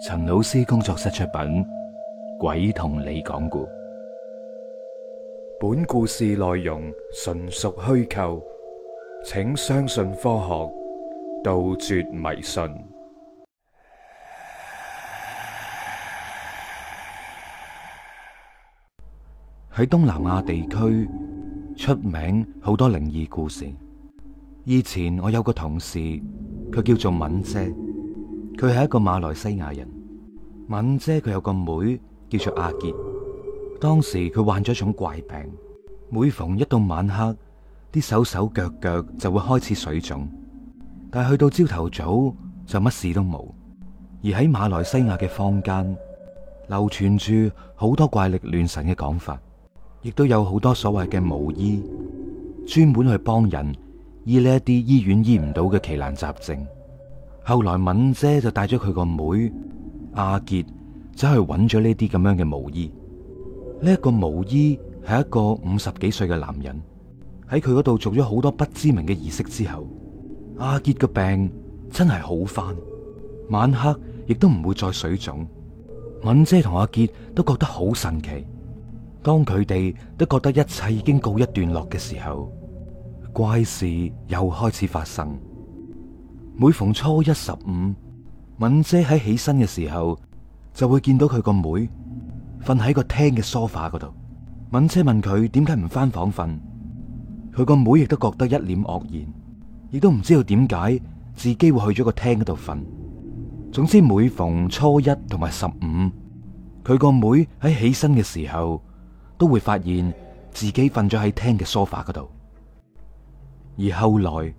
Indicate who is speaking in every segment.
Speaker 1: 陳老師工作室出品《鬼同你講故》，本故事內容純屬虛構，請相信科學，杜絕迷信。喺東南亞地區出名好多靈異故事。以前我有個同事，佢叫做敏姐。佢係一個馬來西亞人，敏姐佢有個妹妹叫做阿杰。當時佢患咗一種怪病，每逢一到晚黑，啲手手腳腳就會開始水腫，但係去到朝頭早就乜事都冇。而喺馬來西亞嘅坊間流傳住好多怪力亂神嘅講法，亦都有好多所謂嘅巫醫，專門去幫人醫呢一啲醫院醫唔到嘅奇難雜症。後來敏姐就帶咗佢個妹,妹阿杰走去揾咗呢啲咁樣嘅巫醫。呢、呢、一個巫醫係一個五十幾歲嘅男人，喺佢嗰度做咗好多不知名嘅儀式之後，阿杰嘅病真係好返，晚黑亦都唔會再水腫。敏姐同阿杰都覺得好神奇。當佢哋都覺得一切已經告一段落嘅時候，怪事又開始發生。每逢初一十五，敏姐喺起身嘅時候就會見到佢個妹瞓喺個廳嘅梳化嗰度。敏姐問佢點解唔翻房瞓，佢個妹亦都覺得一臉愕然，亦都唔知道點解自己會去咗個廳嗰度瞓。總之每逢初一同埋十五，佢個妹喺起身嘅時候都會發現自己瞓咗喺廳嘅梳化嗰度。而後來，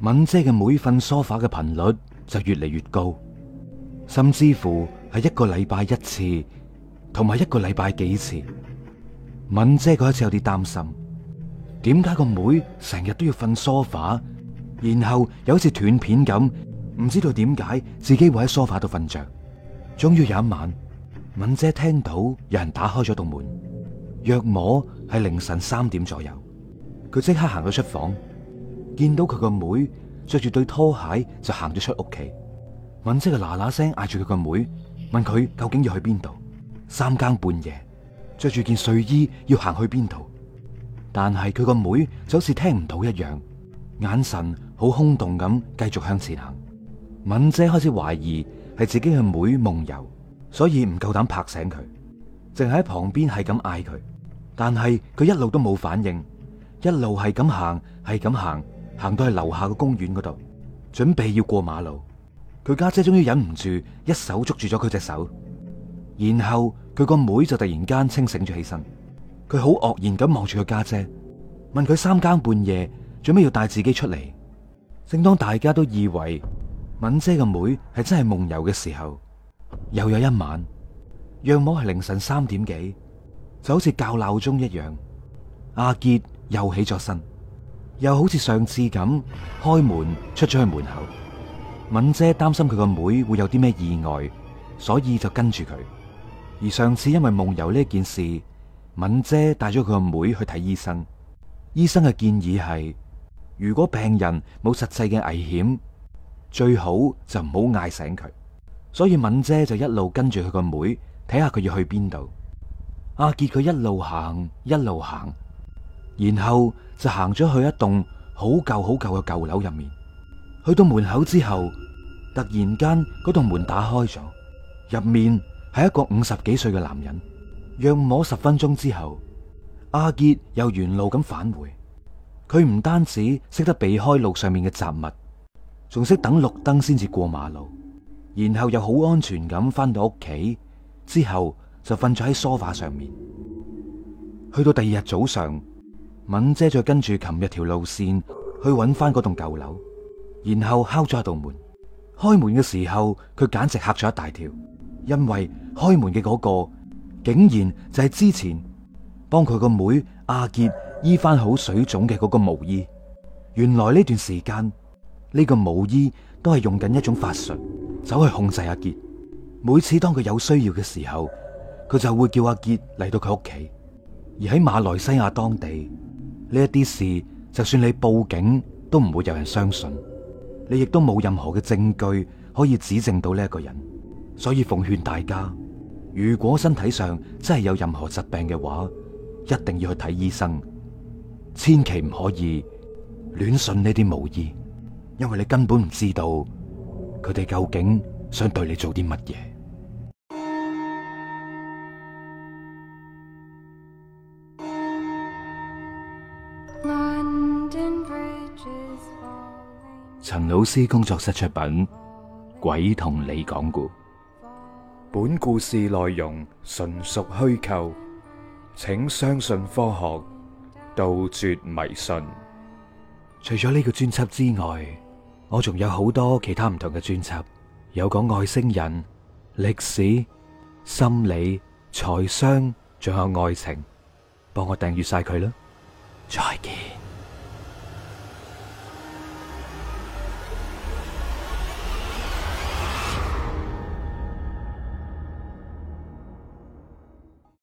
Speaker 1: 敏姐嘅妹瞓梳化嘅頻率就越嚟越高，甚至乎係一個禮拜一次，同埋一個禮拜幾次。敏姐嗰一次有啲擔心，點解個妹成日都要瞓梳化，然後又好似斷片咁，唔知道點解自己會喺梳化度瞓着。終於有一晚，敏姐聽到有人打開咗道門，約摸係凌晨三點左右，佢即刻行咗出房。見到佢個妹着住對拖鞋就行咗出屋企，敏姐就嗱嗱聲嗌住佢個妹，問佢究竟要去邊度？三更半夜着住件睡衣要行去邊度？但係佢個妹就好似聽唔到一樣，眼神好空洞咁繼續向前行。敏姐開始懷疑係自己個妹夢遊，所以唔夠膽拍醒佢，淨係喺旁邊係咁嗌佢。但係佢一路都冇反應，一路係咁行，係咁行。行到去樓下嘅公園嗰度，準備要過馬路，佢家姐終於忍唔住，一手捉住咗佢隻手，然後佢個妹，妹就突然間清醒咗起身，佢好愕然咁望住佢家姐，問佢三更半夜做咩要帶自己出嚟。正當大家都以為敏姐嘅妹係真係夢遊嘅時候，又有一晚，約莫係凌晨三點幾，就好似校鬧鐘一樣，阿杰又起咗身。又好似上次咁開門出咗去門口，敏姐擔心佢個妹，妹會有啲咩意外，所以就跟住佢。而上次因為夢遊呢件事，敏姐帶咗佢個妹去睇醫生，醫生嘅建議係如果病人冇實際嘅危險，最好就唔好嗌醒佢。所以敏姐就一路跟住佢個妹睇下佢要去邊度。阿、啊、杰佢一路行一路行。然後就行咗去一棟好舊好舊嘅舊樓入面，去到門口之後，突然間嗰棟門打開咗，入面係一個五十幾歲嘅男人。約摸十分鐘之後，阿傑又原路咁返回。佢唔單止識得避開路上面嘅雜物，仲識等綠燈先至過馬路，然後又好安全咁翻到屋企，之後就瞓咗喺梳化上面。去到第二日早上。敏姐就跟住琴日條路線去揾翻嗰棟舊樓，然後敲咗一道門。開門嘅時候，佢簡直嚇咗一大跳，因為開門嘅嗰、那個竟然就係之前幫佢個妹阿杰醫翻好水腫嘅嗰個巫醫。原來呢段時間，呢、這個巫醫都係用緊一種法術走去控制阿杰。每次當佢有需要嘅時候，佢就會叫阿杰嚟到佢屋企，而喺馬來西亞當地。呢一啲事，就算你報警都唔會有人相信，你亦都冇任何嘅證據可以指證到呢一個人。所以奉勸大家，如果身體上真係有任何疾病嘅話，一定要去睇醫生，千祈唔可以亂信呢啲巫醫，因為你根本唔知道佢哋究竟想對你做啲乜嘢。陳老師工作室出品《鬼同你講古》，本故事內容純屬虛構，請相信科學，杜絕迷信。除咗呢個專輯之外，我仲有好多其他唔同嘅專輯，有講外星人、歷史、心理、財商，仲有愛情。幫我訂閱晒佢啦！再見。